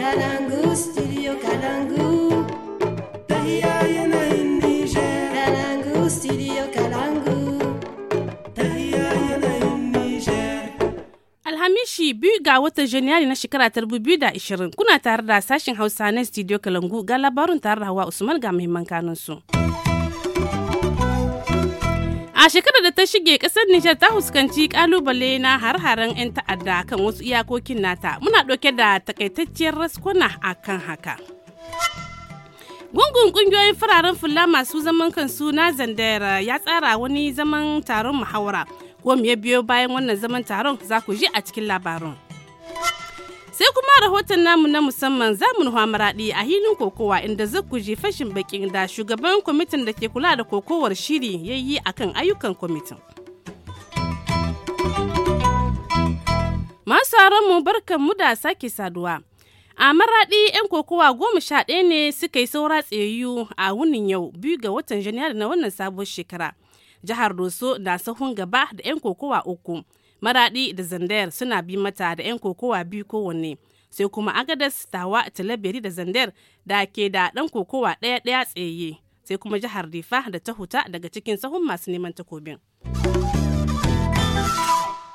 Alhamishi biyu ga watan Janairu na shekara ta ishirin kuna tare da sashen Hausa na studio Kalangu ga labarin tare da Hawa Usman ga muhimman kanunsu. A shekarar da ta shige kasar Nijar ta fuskanci kalubale na har-haren 'yan ta'adda kan wasu iyakokin nata. Muna ɗauke da takaitacciyar raskuna a kan haka. Gungun ƙungiyoyin fararen fula masu zaman kansu na Zandera ya tsara wani zaman taron muhawara. Ko biyo bayan wannan zaman taron za ku ji a cikin labarin. sai kuma rahoton namu na musamman zamu nufa maraɗi a hinin kokowa inda zakku je fashin bakin da shugaban kwamitin da ke kula da kokowar shiri ya yi a kan ayyukan kwamitin masu mu barkan mu da sake saduwa a maraɗi 'yan kokowa goma sha ɗaya ne suka yi saura tsayayyu a wunin yau biyu ga watan janairu na wannan sabon shekara jihar doso na sahun gaba da 'yan kokowa uku maradi da zandar suna bi mata da 'yan kokowa biyu kowanne sai kuma agadas tawa talabiri da zandar da ke da dan kokowa daya daya tsaye sai kuma jihar rifa da ta huta daga cikin sahun masu neman takobin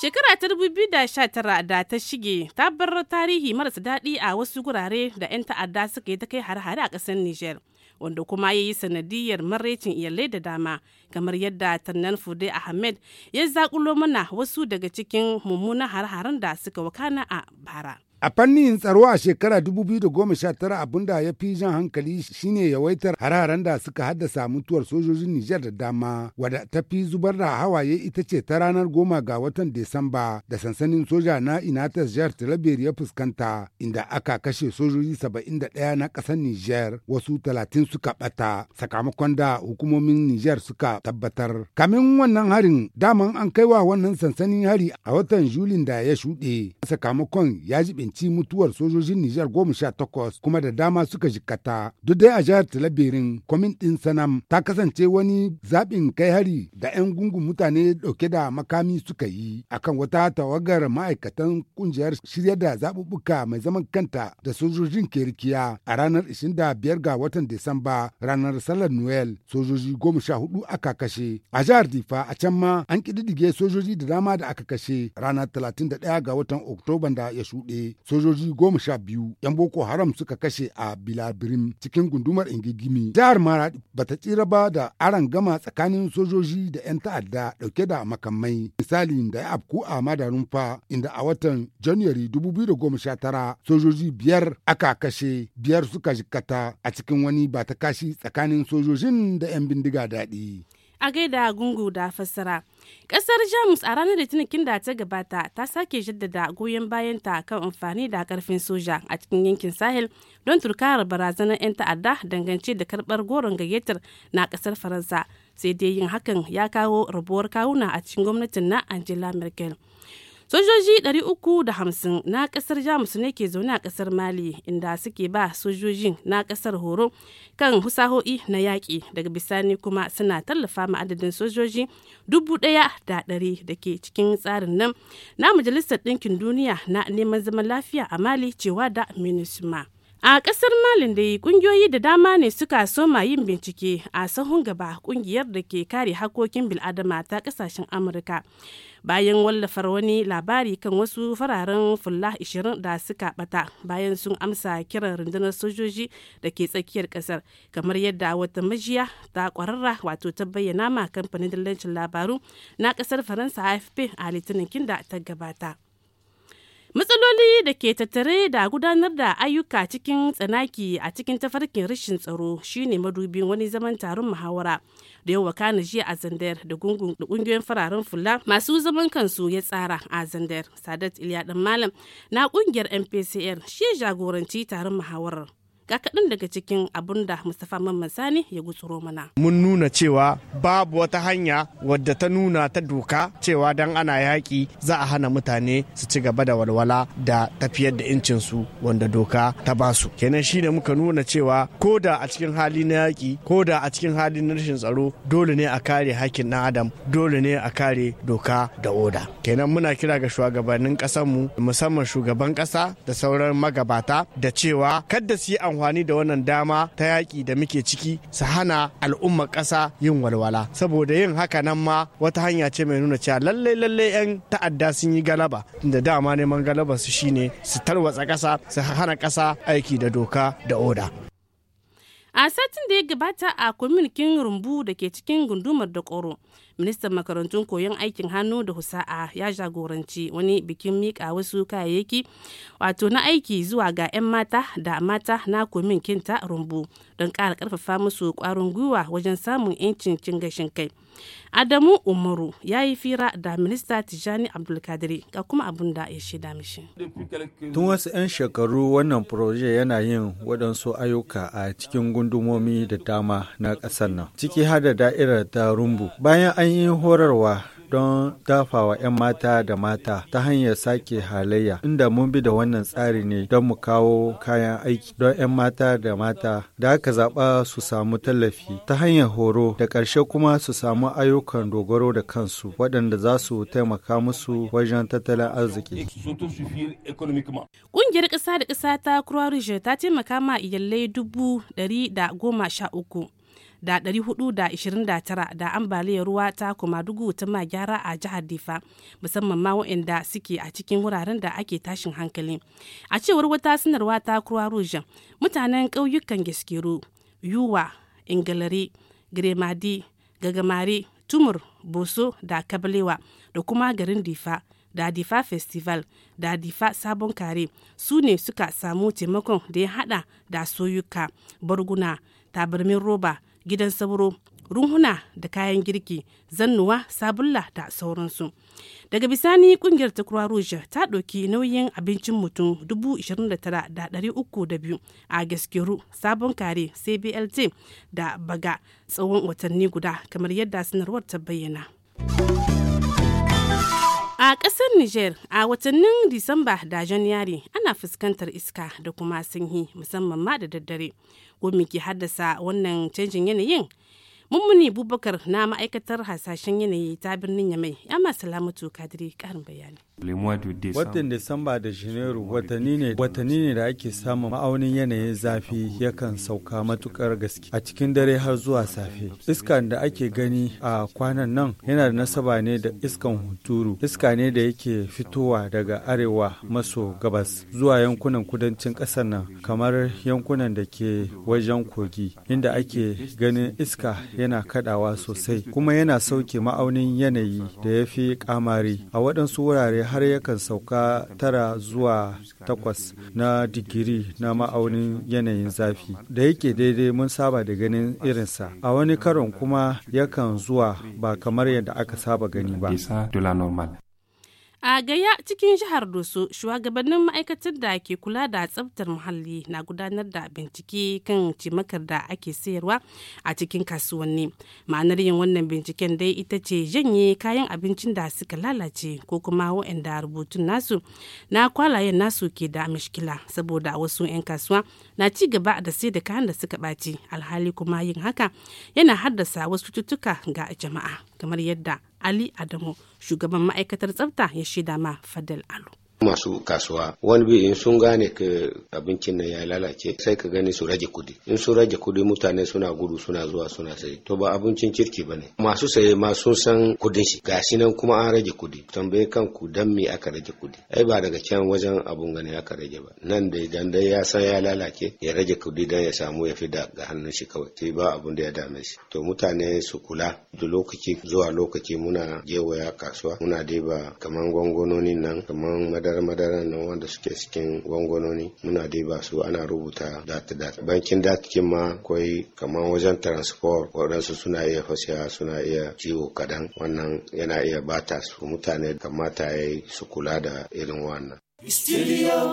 shekara ta 2019 da ta shige ta bar tarihi marasa daɗi a wasu gurare da 'yan ta'adda suka yi ta kai har hare a ƙasar niger wanda kuma ya yi sanadiyar maraicin iyalai da dama kamar yadda tannan fude ahmed ya zakulo mana wasu daga cikin mummunan har-haren da suka wakana a bara A fannin tsaro a shekara 2019 abinda ya fi jan hankali shine yawaitar hararen da suka haddasa mutuwar sojojin Nijar da dama wadda ta fi zubar da hawaye ita ce ta ranar goma ga watan Desamba da sansanin soja na Inatas Jihar Talabiyar ya fuskanta inda aka kashe sojoji 71 na ƙasar Nijar wasu 30 suka ɓata sakamakon da hukumomin Nijar suka tabbatar. Kamin wannan harin daman an kaiwa wannan sansanin hari a watan Julin da ya shuɗe sakamakon ya jibin ci mutuwar sojojin Nijar goma sha takwas kuma da dama suka jikata. Duk dai a jihar Talabirin, kwamin ɗin Sanam ta kasance wani zaɓin kai hari da 'yan gungun mutane ɗauke da makami suka yi akan wata tawagar ma'aikatan kungiyar shirya da zaɓuɓɓuka mai zaman kanta da sojojin ke rikiya a ranar 25 ga watan Disamba ranar Salar Noel sojoji goma sha hudu aka kashe. A jihar Difa a can ma an ƙididdige sojoji da dama da aka kashe ranar 31 ga watan Oktoban da ya shuɗe. sojoji goma sha biyu 'yan Boko Haram suka kashe a Bilabirim cikin gundumar Ingigimi. Jihar ba bata tsira ba da aran gama tsakanin sojoji da 'yan ta'adda dauke da makamai. Misali da ya afku a Madarunfa inda a watan January 2019 sojoji biyar aka kashe biyar suka jikata a cikin wani ba ta kashi tsakanin sojojin da 'yan bindiga daɗi. a gaida gungu da fassara. Kasar Jamus a ranar Litinin da ta gabata ta sake jaddada goyon bayanta kan amfani da karfin soja a cikin yankin Sahel don turkar barazanar 'yan ta'adda dangance da karbar goron gayyatar na kasar Faransa. Sai dai yin hakan ya kawo rabuwar kawuna a cikin gwamnatin na Angela Merkel. sojoji 350 na kasar jamus ne ke zaune a kasar mali inda suke ba sojojin na kasar horo kan husaho'i na yaƙi daga bisani kuma suna tallafa ma adadin sojoji 1,100 da ke cikin tsarin nan na majalisar ɗinkin duniya na neman zaman lafiya a mali cewa da minisma A ƙasar Malin dai ƙungiyoyi da dama ne suka soma yin bincike a sahun gaba ƙungiyar da ke kare hakokin bil'adama ta ƙasashen Amurka. Bayan wallafar wani labari kan wasu fararen fulla 20 da suka bata bayan sun amsa kiran rundunar sojoji da ke tsakiyar ƙasar kamar yadda wata majiya ta ƙwararra wato ta bayyana ma kamfanin dillancin labaru na ƙasar Faransa AFP a litinin kinda ta gabata. matsaloli da ke tattare da gudanar da ayyuka cikin tsanaki a cikin tafarkin rashin tsaro shine madubin wani zaman taron muhawara da yau wakana jiya a zandar da gungun da kungiyoyin fararen fula masu zaman kansu ya tsara a zandar sadat iliya dan malam na kungiyar mpcr shi jagoranci taron muhawarar ga kaɗan daga cikin abun da Mustapha Mamman Sani ya gutsuro mana. Mun nuna cewa babu wata hanya wadda ta nuna ta doka cewa dan ana yaƙi za a hana mutane su ci gaba da walwala da tafiyar da incinsu wanda doka ta basu. Kenan shi ne muka nuna cewa ko da a cikin hali na yaƙi ko da a cikin hali na rashin tsaro dole ne a kare hakkin ɗan adam dole ne a kare doka da oda. Kenan muna kira ga shugabannin mu musamman shugaban ƙasa da sauran magabata da cewa kada su yi amfani da wannan dama ta yaƙi da muke ciki su hana al'ummar ƙasa yin walwala saboda yin haka nan ma wata hanya ce mai nuna cewa lalle lalle yan ta'adda sun yi galaba da dama neman galaba su shine su tarwatsa ƙasa su hana ƙasa aiki da doka da oda a satin da ya gabata a kwamitin rumbu da ke cikin gundumar da koro ministan makarantun koyon aikin hannu da husa'a ya jagoranci wani bikin mika wasu kayayyaki wato na aiki zuwa ga 'yan mata da mata na komin kinta rumbu don ƙara ƙarfafa musu ƙwarin gwiwa wajen samun 'yancin cin gashin kai adamu umaru ya yi fira da minista tijani abdulkadir ga kuma abin da ya shaida mishi tun wasu 'yan shekaru wannan proje yana yin waɗansu ayyuka a cikin gundumomi da dama na ƙasar nan ciki hada da'irar ta rumbu bayan an yi horarwa don dafawa 'yan mata da mata ta hanyar sake halayya inda mun bi da wannan tsari ne don mu kawo kayan aiki don 'yan mata da mata da aka zaɓa su samu tallafi ta hanyar horo da ƙarshe kuma su samu ayyukan dogaro da kansu waɗanda za su taimaka musu wajen tattalin arziki. Ƙungiyar ƙasa da ƙasa ta Croix ta taimaka ma iyalai dubu ɗari da goma sha uku. da 429 da ambaliyar ruwa ta kuma dugu ta ma gyara a jihar difa musamman ma waɗanda suke a cikin wuraren da ake tashin hankali a cewar wata sanarwa ta kruwa rujin mutanen ƙauyukan gaskiru yuwa ingalari gremadi gagamare tumur boso da kabalewa da kuma garin difa da difa festival da difa sabon kare su ne suka samu taimakon da ya hada da soyuka barguna tabarmin roba gidan sauro runhuna da kayan girki zannuwa sabulla da sauransu daga bisani kungiyar ta croix rouge ta ɗauki nauyin abincin mutum 29,302 a gaskeru sabon kare cblt da baga tsawon watanni guda kamar yadda sanarwar ta bayyana A ƙasar Nijar a watannin Disamba da Janairu ana fuskantar iska da kuma sanyi musamman ma da daddare. Gumi ke haddasa wannan canjin yanayin. Mummuni Bubakar na ma'aikatar hasashen yanayi ta birnin Yamai ya masu lamutu kadiri ƙarin bayani. Watan Disamba da Janairu watanni ne da ake samun ma'aunin yanayin zafi yakan sauka matukar gaske a cikin dare har zuwa safe. Iskan da ake gani a kwanan nan yana da nasaba ne da iskan hunturu. Iska ne da yake fitowa daga arewa maso gabas zuwa yankunan kudancin ƙasar nan kamar yankunan da ke wajen kogi inda ake ganin iska yana kadawa sosai kuma yana sauke ma'aunin yanayi da ya fi kamari a waɗansu wurare har yakan sauka tara zuwa takwas na digiri na ma'aunin yanayin zafi da yake daidai mun saba da ganin irinsa a wani karon kuma yakan zuwa ba kamar yadda aka saba gani ba A gaya cikin jihar Doso, shugabannin ma'aikatar da ke kula da tsabtar muhalli na gudanar da bincike kan cimakar da ake sayarwa a cikin kasuwanni. Ma'anar yin wannan binciken dai ita ce janye kayan abincin da suka lalace ko kuma waɗanda rubutun nasu na kwalayen nasu ke da mashkila saboda wasu 'yan kasuwa na ci gaba da sai da kayan da suka ɓaci alhali kuma yin haka yana haddasa wasu cututtuka ga jama'a. kamar yadda ali adamu shugaban ma'aikatar tsafta ya shaida ma fadal alu masu kasuwa wani bi in sun gane ka abincin nan ya lalace sai ka gani su rage kudi in sun rage kudi mutane suna gudu suna zuwa suna sai to ba abincin kirki ba ne masu saye ma sun san kudin shi gashi nan kuma an rage kudi tambaye kan ku dan me aka rage kudi ai ba daga can wajen abun gani aka rage ba nan da idan dai ya san ya lalace ya rage kudi dan ya samu ya fi da ga hannun shi kawai sai ba abun da ya dame shi to mutane su kula da lokaci zuwa lokaci muna gewaya kasuwa muna dai ba kaman gwangwanonin nan kaman madara madarar nan wanda suke cikin gwangwanoni muna diba su ana rubuta data data bankin datakin ma kwai kamar wajen transport waɗansu suna iya fasiya suna iya ciwo kadan wannan yana iya bata su mutane kamata ya su kula da irin wannan. Studio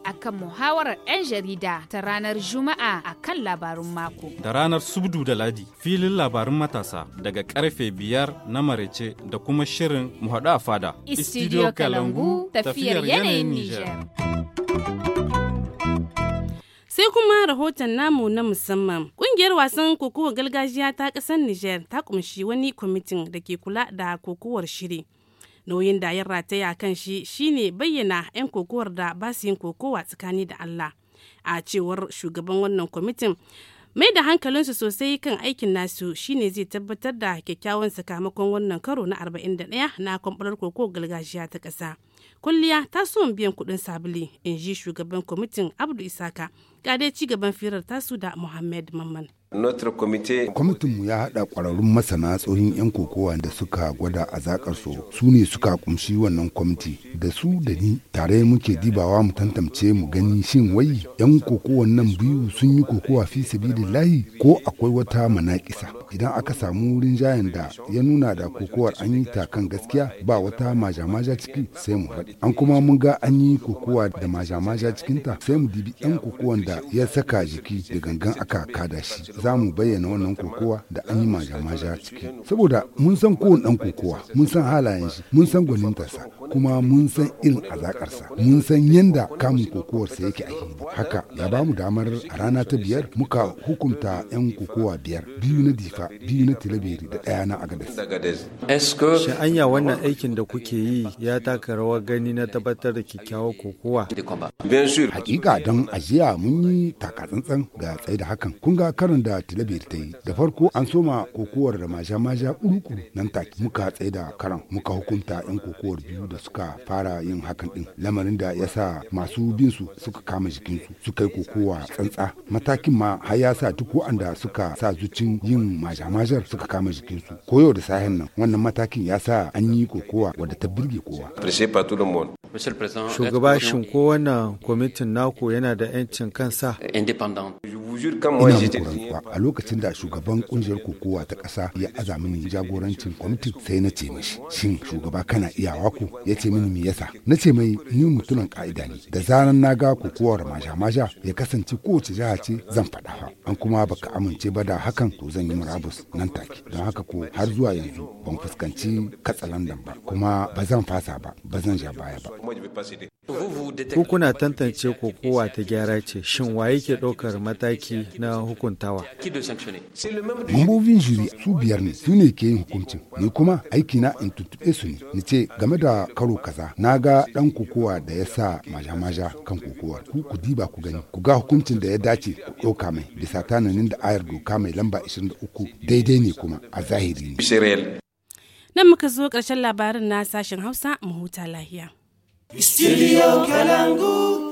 akan muhawarar 'yan jarida ta ranar Juma'a a kan labarun mako. Da ranar Subdu da Ladi filin labarun matasa daga karfe biyar na marece da kuma shirin muhadu a fada. Istidiyo Kalangu tafiyar yanayin Nijar. sai kuma rahoton namu na musamman ƙungiyar wasan kokowa gargajiya ta ƙasar niger ta kumshi wani kwamitin da ke kula da kokowar shiri nauyin da ya rataya kan shi shine bayyana 'yan kokowar da ba su yin kokowa tsakani da allah a cewar shugaban wannan kwamitin mai da hankalinsu sosai kan aikin nasu shine zai tabbatar da kyakkyawan sakamakon wannan karo na 41 na kwamfarar koko gargajiya ta ƙasa kulliya ta so biyan kuɗin sabili in ji shugaban kwamitin abdu isaka ga dai ci gaban firar tasu da Muhammad Mamman. Kwamitinmu ya haɗa ƙwararrun masana tsohon 'yan kokowa da suka gwada a su su ne suka kumshi wannan kwamiti da su da ni tare muke dibawa mu tantance mu gani shin wai 'yan kokowa nan biyu sun yi kokowa fi layi ko akwai wata manaƙisa idan aka samu rinjayen da ya nuna da kokowar an yi ta kan gaskiya ba wata majamaja ciki sai mu faɗi an kuma mun ga an yi kokowa da majamaja cikinta sai mu dibi 'yan kokowan da da ya saka jiki da gangan aka kada shi za mu bayyana wannan kokowa da an yi majamaja ciki saboda mun san kowane dan kokowa mun san halayen shi mun san gwanintarsa kuma mun san irin azakarsa mun san yadda kamun kokowarsa yake a himbu haka ya ba mu damar a rana ta biyar muka hukunta 'yan kokowa biyar biyu na difa biyu na tilabiri da ɗaya na shi sha'anya wannan aikin da kuke yi ya taka rawa gani na tabbatar da kyakkyawar kokowa hakika don ajiya mun yi takatsantsan ga tsaye da hakan kun ga karin da tilabiri ta yi da farko an soma kokowar da maja-maja uruku nan take muka tsaye da karan muka hukunta 'yan kokowar biyu da suka fara yin hakan din lamarin da ya sa masu bin su suka kama jikinsu suka yi kokowa tsantsa matakin ma har ya sa duk waɗanda suka sa zucin yin majamajar suka kama jikinsu koyo da sahen nan wannan matakin ya sa an yi kokowa wadda ta burge kowa shugaba shin ko wannan kwamitin naku yana da 'yancin kansa ina muku kuwa a lokacin da shugaban kungiyar kokowa ta ƙasa ya aza mini jagorancin kwamitin sai na ce mishi shin shugaba kana iyawa ku ya ce mini me yasa na ce mai ni mutumin ka'ida ne da zaran na ga kokowar masha-masha ya kasance kowace jiha ce zan faɗa fa an kuma baka amince ba da hakan to zan yi murabus nan take don haka ko har zuwa yanzu ban fuskanci katsalandan ba kuma ba zan fasa ba ba zan ja baya ba Ko kuna tantance kokowa ta gyara ce, shin wa yake ɗaukar mataki na hukuntawa? Mambobin jiri su biyar ne su ne ke yin hukuncin, ni kuma aiki na in tuntuɓe su ne, ni ce game da karo kaza, na ga ɗan kokowa da ya sa maja-maja kan kokowa ku ku diba ku gani, ku ga hukuncin da ya dace ku ɗauka mai, bisa tananin da ayar doka mai lamba 23 daidai ne kuma a zahiri ne. Nan muka zo ƙarshen labarin na sashen Hausa mu huta lahiya. Studio Kalangu.